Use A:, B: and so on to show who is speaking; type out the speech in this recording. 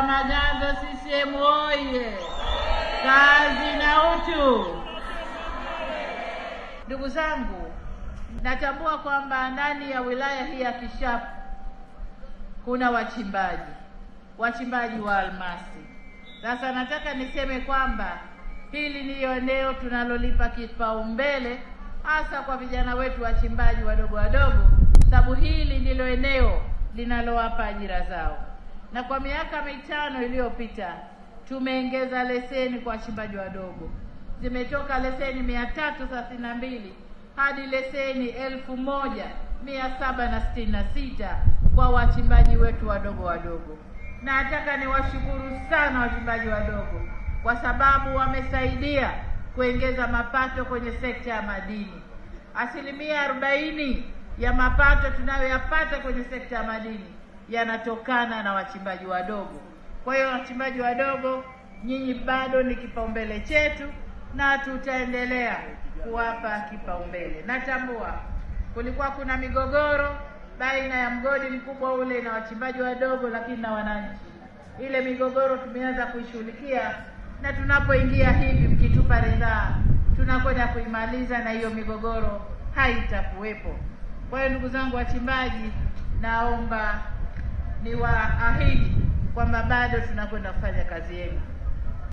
A: wa Maganzo CCM oye! Kazi na utu. Ndugu zangu, natambua kwamba ndani ya wilaya hii ya Kishapu kuna wachimbaji, wachimbaji wa almasi. Sasa nataka niseme kwamba hili ni eneo tunalolipa kipaumbele, hasa kwa vijana wetu wachimbaji wadogo wadogo, sababu hili ndilo eneo linalowapa ajira zao na kwa miaka mitano iliyopita tumeongeza leseni kwa wachimbaji wadogo, zimetoka leseni mia tatu thelathini na mbili hadi leseni elfu moja mia saba na sitini na sita kwa wachimbaji wetu wadogo wadogo. Na nataka niwashukuru sana wachimbaji wadogo kwa sababu wamesaidia kuongeza mapato kwenye sekta ya madini. Asilimia arobaini ya mapato tunayoyapata kwenye sekta ya madini yanatokana na wachimbaji wadogo. Kwa hiyo wachimbaji wadogo, nyinyi bado ni kipaumbele chetu na tutaendelea kuwapa kipaumbele. Natambua kulikuwa kuna migogoro baina ya mgodi mkubwa ule na wachimbaji wadogo, lakini na wananchi. Ile migogoro tumeanza kuishughulikia, na tunapoingia hivi, mkitupa ridhaa, tunakwenda kuimaliza na hiyo migogoro haitakuwepo. Kwa hiyo ndugu zangu wachimbaji, naomba niwaahidi kwamba bado tunakwenda kufanya kazi yenu.